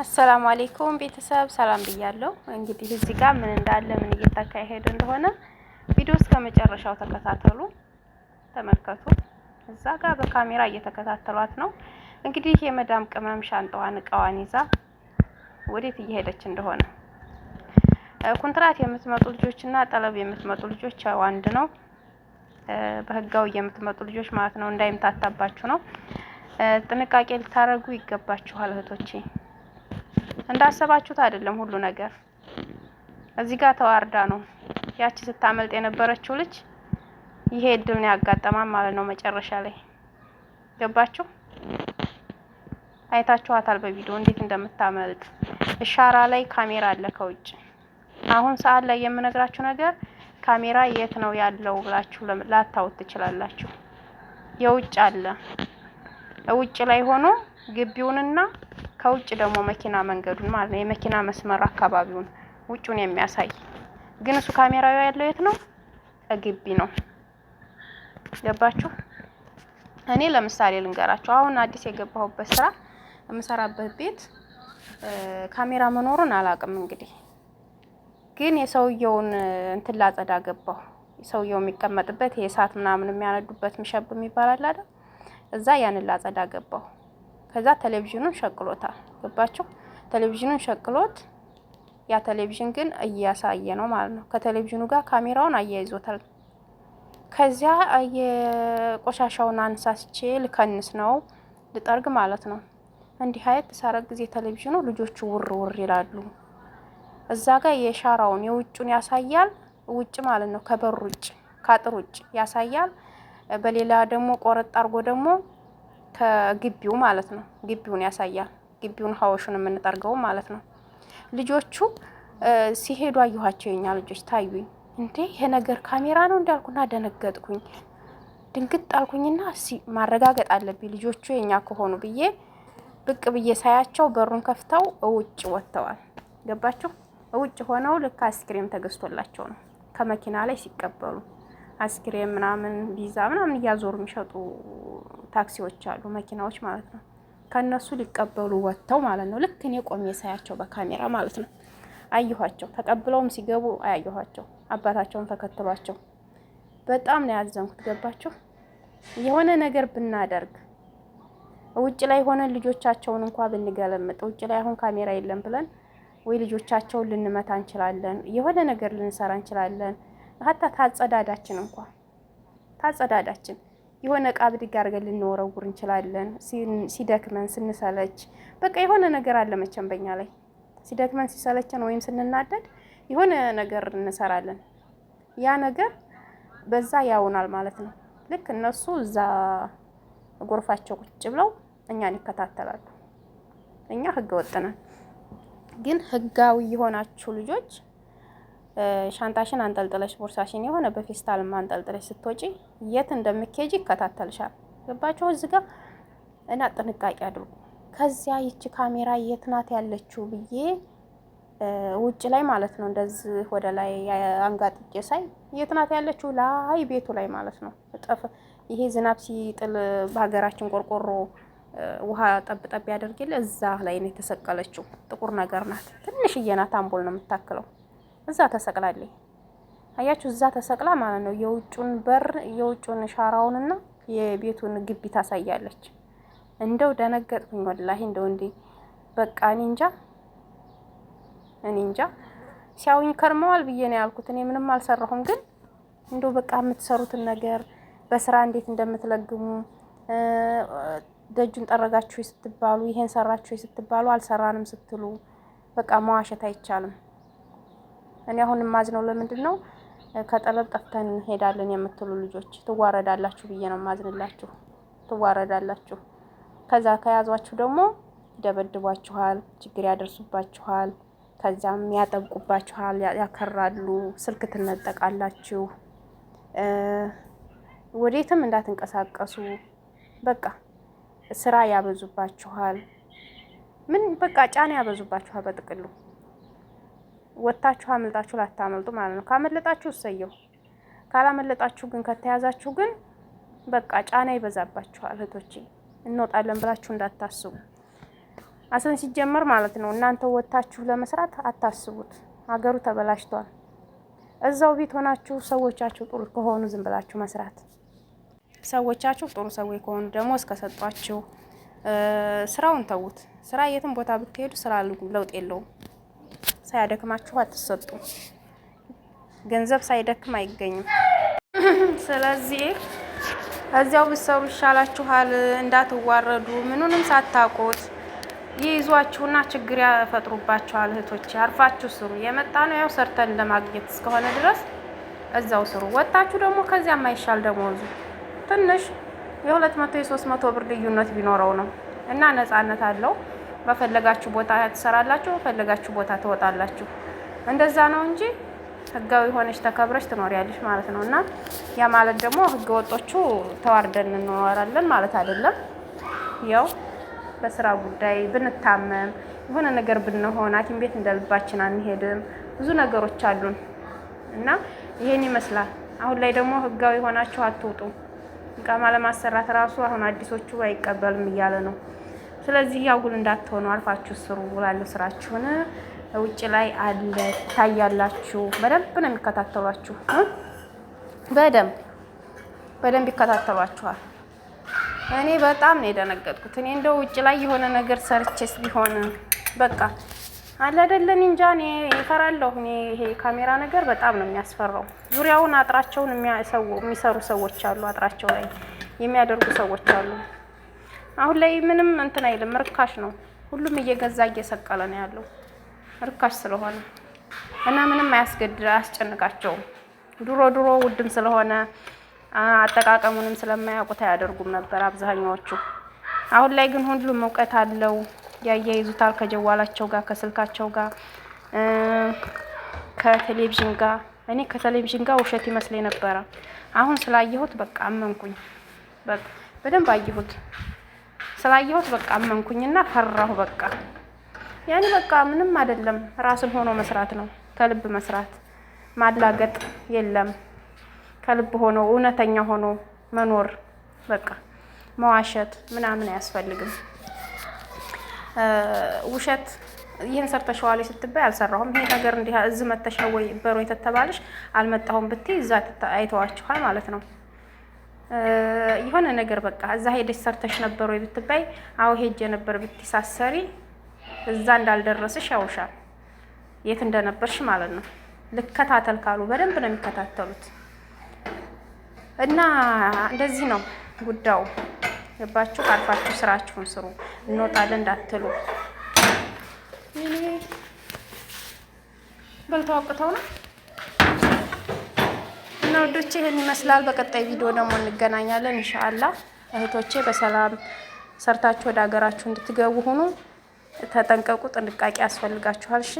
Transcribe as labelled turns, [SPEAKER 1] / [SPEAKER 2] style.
[SPEAKER 1] አሰላሙ አሌይኩም ቤተሰብ ሰላም ብያለሁ። እንግዲህ እዚህ ጋር ምን እንዳለ ምን እየተካሄደ እንደሆነ ቪዲዮ እስከ መጨረሻው ተከታተሉ፣ ተመልከቱ። እዛ ጋር በካሜራ እየተከታተሏት ነው። እንግዲህ የመዳም ቅመም ሻንጣዋን እቃዋን ይዛ ወዴት እየሄደች እንደሆነ ኩንትራት የምትመጡ ልጆችና ጠለብ የምትመጡ ልጆች ያው አንድ ነው። በህጋዊ የምትመጡ ልጆች ማለት ነው። እንዳይምታታባችሁ ነው። ጥንቃቄ ልታደርጉ ይገባችኋል እህቶቼ። እንዳሰባችሁት አይደለም ሁሉ ነገር። እዚህ ጋር ተዋርዳ ነው ያቺ ስታመልጥ የነበረችው ልጅ። ይሄ እድል ነው ያጋጠማል ማለት ነው መጨረሻ ላይ ገባችሁ። አይታችኋታል በቪዲዮ እንዴት እንደምታመልጥ። እሻራ ላይ ካሜራ አለ ከውጭ። አሁን ሰዓት ላይ የምነግራችሁ ነገር ካሜራ የት ነው ያለው ብላችሁ ላታውት ትችላላችሁ። የውጭ አለ ውጭ ላይ ሆኖ ግቢውንና ከውጭ ደግሞ መኪና መንገዱን ማለት ነው የመኪና መስመር አካባቢውን ውጭን የሚያሳይ ግን እሱ ካሜራው ያለው የት ነው? ግቢ ነው። ገባችሁ? እኔ ለምሳሌ ልንገራችሁ። አሁን አዲስ የገባሁበት ስራ የምሰራበት ቤት ካሜራ መኖሩን አላውቅም። እንግዲህ ግን የሰውየውን እንትን ላጸዳ ገባሁ። ሰውየው የሚቀመጥበት የእሳት ምናምን የሚያነዱበት ምሸብ የሚባል አለ አይደል? እዛ ያንን ላጸዳ ገባሁ። ከዛ ቴሌቪዥኑን ሸቅሎታል። ገባቸው። ቴሌቪዥኑን ሸቅሎት ያ ቴሌቪዥን ግን እያሳየ ነው ማለት ነው። ከቴሌቪዥኑ ጋር ካሜራውን አያይዞታል። ከዚያ የቆሻሻውን አንሳስቼ ልከንስ ነው ልጠርግ ማለት ነው። እንዲህ አይነት ሳረግ ጊዜ ቴሌቪዥኑ ልጆቹ ውር ውር ይላሉ። እዛ ጋር የሻራውን የውጩን ያሳያል። ውጭ ማለት ነው ከበር ውጭ ከአጥር ውጭ ያሳያል። በሌላ ደግሞ ቆረጥ አርጎ ደግሞ ከግቢው ማለት ነው። ግቢውን ያሳያል። ግቢውን ሀወሹን የምንጠርገው ማለት ነው። ልጆቹ ሲሄዱ አየኋቸው። የኛ ልጆች ታዩኝ። እንዴ ይሄ ነገር ካሜራ ነው እንዳልኩና ደነገጥኩኝ። ድንግጥ አልኩኝና ማረጋገጥ አለብኝ ልጆቹ የኛ ከሆኑ ብዬ ብቅ ብዬ ሳያቸው በሩን ከፍተው እውጭ ወጥተዋል። ገባችሁ? ውጭ ሆነው ልክ አስክሬም ተገዝቶላቸው ነው ከመኪና ላይ ሲቀበሉ አስክሬም ምናምን ቢዛ ምናምን እያዞሩ የሚሸጡ ታክሲዎች አሉ፣ መኪናዎች ማለት ነው። ከእነሱ ሊቀበሉ ወጥተው ማለት ነው። ልክ እኔ ቆሜ ሳያቸው በካሜራ ማለት ነው አየኋቸው። ተቀብለውም ሲገቡ አያየኋቸው፣ አባታቸውን ተከትሏቸው። በጣም ነው ያዘንኩት። ገባቸው። የሆነ ነገር ብናደርግ ውጭ ላይ ሆነን ልጆቻቸውን እንኳ ብንገለምጥ፣ ውጭ ላይ አሁን ካሜራ የለም ብለን ወይ ልጆቻቸውን ልንመታ እንችላለን፣ የሆነ ነገር ልንሰራ እንችላለን። ሀታ ታጸዳዳችን እንኳ ታጸዳዳችን የሆነ እቃ ብድግ አድርገን ልንወረውር እንችላለን። ሲደክመን ስንሰለች፣ በቃ የሆነ ነገር አለ መቼም በኛ ላይ ሲደክመን ሲሰለችን ወይም ስንናደድ የሆነ ነገር እንሰራለን። ያ ነገር በዛ ያውናል ማለት ነው። ልክ እነሱ እዛ ጎርፋቸው ቁጭ ብለው እኛን ይከታተላሉ። እኛ ህገ ወጥ ነን። ግን ህጋዊ የሆናችሁ ልጆች ሻንጣሽን አንጠልጥለሽ ቦርሳሽን የሆነ በፌስታል አንጠልጥለሽ ስትወጪ የት እንደምትሄጂ ይከታተልሻል። ገባቸው እዚህ ጋር እና ጥንቃቄ አድርጉ። ከዚያ ይቺ ካሜራ የት ናት ያለችው ብዬ ውጭ ላይ ማለት ነው እንደዚህ ወደ ላይ አንጋጥጬ ሳይ የት ናት ያለችው? ላይ ቤቱ ላይ ማለት ነው። ጠፍ ይሄ ዝናብ ሲጥል በሀገራችን ቆርቆሮ ውሃ ጠብጠብ ያደርግል። እዛ ላይ ነው የተሰቀለችው። ጥቁር ነገር ናት። ትንሽዬ ናት። አምቦል ነው የምታክለው። እዛ ተሰቅላለች። አያችሁ፣ እዛ ተሰቅላ ማለት ነው። የውጩን በር የውጩን ሻራውንና የቤቱን ግቢ ታሳያለች። እንደው ደነገጥኩኝ ወላሂ። እንደው እንዴ በቃ እኔ እንጃ እኔ እንጃ ሲያውኝ ከርመዋል ብዬ ነው ያልኩት። እኔ ምንም አልሰራሁም፣ ግን እንደው በቃ የምትሰሩትን ነገር በስራ እንዴት እንደምትለግሙ ደጁን ጠረጋችሁ ስትባሉ፣ ይሄን ሰራችሁ ስትባሉ፣ አልሰራንም ስትሉ በቃ መዋሸት አይቻልም። እኔ አሁን የማዝነው ለምንድን ነው ከጠለብ ጠፍተን እንሄዳለን የምትሉ ልጆች ትዋረዳላችሁ ብዬ ነው ማዝንላችሁ። ትዋረዳላችሁ። ከዛ ከያዟችሁ ደግሞ ይደበድቧችኋል፣ ችግር ያደርሱባችኋል፣ ከዛም ያጠብቁባችኋል፣ ያከራሉ፣ ስልክ ትነጠቃላችሁ፣ ወዴትም እንዳትንቀሳቀሱ በቃ ስራ ያበዙባችኋል። ምን በቃ ጫና ያበዙባችኋል በጥቅሉ ወታችሁ አመልጣችሁ ላታመልጡ ማለት ነው። ካመለጣችሁ እሰየው፣ ካላመለጣችሁ ግን ከተያዛችሁ ግን በቃ ጫና ይበዛባችኋል። እህቶቼ እንወጣለን ብላችሁ እንዳታስቡ። አሰን ሲጀመር ማለት ነው እናንተ ወታችሁ ለመስራት አታስቡት። ሀገሩ ተበላሽቷል። እዛው ቤት ሆናችሁ ሰዎቻችሁ ጥሩ ከሆኑ ዝም ብላችሁ መስራት ሰዎቻችሁ ጥሩ ሰዎች ከሆኑ ደግሞ እስከሰጧችሁ ስራውን ተዉት። ስራ የትም ቦታ ብትሄዱ ስራ ለውጥ የለውም። ሳያደክማችሁ አትሰጡ። ገንዘብ ሳይደክም አይገኝም። ስለዚህ እዚያው ብትሰሩ ይሻላችኋል። እንዳትዋረዱ ምኑንም ሳታውቁት ይይዟችሁና ችግር ያፈጥሩባችኋል። እህቶች አርፋችሁ ስሩ። የመጣ ነው ያው ሰርተን ለማግኘት እስከሆነ ድረስ እዛው ስሩ። ወጣችሁ ደግሞ ከዚያ የማይሻል ደሞዙ ትንሽ የሁለት መቶ የሶስት መቶ ብር ልዩነት ቢኖረው ነው እና ነፃነት አለው። በፈለጋችሁ ቦታ ትሰራላችሁ፣ በፈለጋችሁ ቦታ ትወጣላችሁ። እንደዛ ነው እንጂ ህጋዊ ሆነች ተከብረች ትኖሪያለች ማለት ነው። እና ያ ማለት ደግሞ ህገ ወጦቹ ተዋርደን እንኖራለን ማለት አይደለም። ያው በስራ ጉዳይ ብንታመም የሆነ ነገር ብንሆን ሐኪም ቤት እንደልባችን አንሄድም። ብዙ ነገሮች አሉን እና ይሄን ይመስላል። አሁን ላይ ደግሞ ህጋዊ ሆናችሁ አትውጡ። እቃማ ለማሰራት ራሱ አሁን አዲሶቹ አይቀበልም እያለ ነው። ስለዚህ ያው ጉል እንዳትሆኑ አርፋችሁ ስሩ ብላለሁ። ስራችሁን ውጭ ላይ አለ ታያላችሁ። በደንብ ነው የሚከታተሏችሁ። በደንብ በደንብ ይከታተሏችኋል። እኔ በጣም ነው የደነገጥኩት። እኔ እንደው ውጭ ላይ የሆነ ነገር ሰርቼስ ቢሆን በቃ አለ አይደለም እንጃ። እኔ ይፈራለሁ። እኔ ይሄ ካሜራ ነገር በጣም ነው የሚያስፈራው። ዙሪያውን አጥራቸውን የሚሰሩ ሰዎች አሉ፣ አጥራቸው ላይ የሚያደርጉ ሰዎች አሉ። አሁን ላይ ምንም እንትን አይልም፣ ርካሽ ነው። ሁሉም እየገዛ እየሰቀለ ነው ያለው ርካሽ ስለሆነ እና ምንም አያስገድድ አያስጨንቃቸውም። ድሮ ድሮ ውድም ስለሆነ አጠቃቀሙንም ስለማያውቁት አያደርጉም ነበር አብዛኛዎቹ። አሁን ላይ ግን ሁሉም እውቀት አለው፣ ያያይዙታል ከጀዋላቸው ጋር ከስልካቸው ጋር ከቴሌቪዥን ጋር። እኔ ከቴሌቪዥን ጋር ውሸት ይመስለኝ ነበረ። አሁን ስላየሁት በቃ አመንኩኝ። በደንብ አየሁት። ስላየሁት በቃ አመንኩኝና ፈራሁ። በቃ ያኔ በቃ ምንም አይደለም፣ ራስን ሆኖ መስራት ነው። ከልብ መስራት ማላገጥ የለም። ከልብ ሆኖ እውነተኛ ሆኖ መኖር በቃ መዋሸት ምናምን አያስፈልግም። ውሸት ይህን ሰርተሽዋል ስትባይ አልሰራሁም፣ ይሄ ነገር እንዲህ እዚህ መተሸወይ በሮ የተተባለሽ አልመጣሁም ብትይ እዛ አይተዋችኋል ማለት ነው። የሆነ ነገር በቃ እዛ ሄደሽ ሰርተሽ ነበር ወይ ብትባይ፣ አዎ ሄጄ ነበር ብትሳሰሪ፣ እዛ እንዳልደረስሽ ያውሻል፣ የት እንደነበርሽ ማለት ነው። ልከታተል ካሉ በደንብ ነው የሚከታተሉት። እና እንደዚህ ነው ጉዳዩ። ገባችሁ? አርፋችሁ ስራችሁን ስሩ። እንወጣለን እንዳትሉ። አውቅተው ነው ውዶቼ ይህን ይመስላል። በቀጣይ ቪዲዮ ደግሞ እንገናኛለን እንሻአላ። እህቶቼ በሰላም ሰርታችሁ ወደ ሀገራችሁ እንድትገቡ ሁኑ። ተጠንቀቁ። ጥንቃቄ ያስፈልጋችኋል። እሺ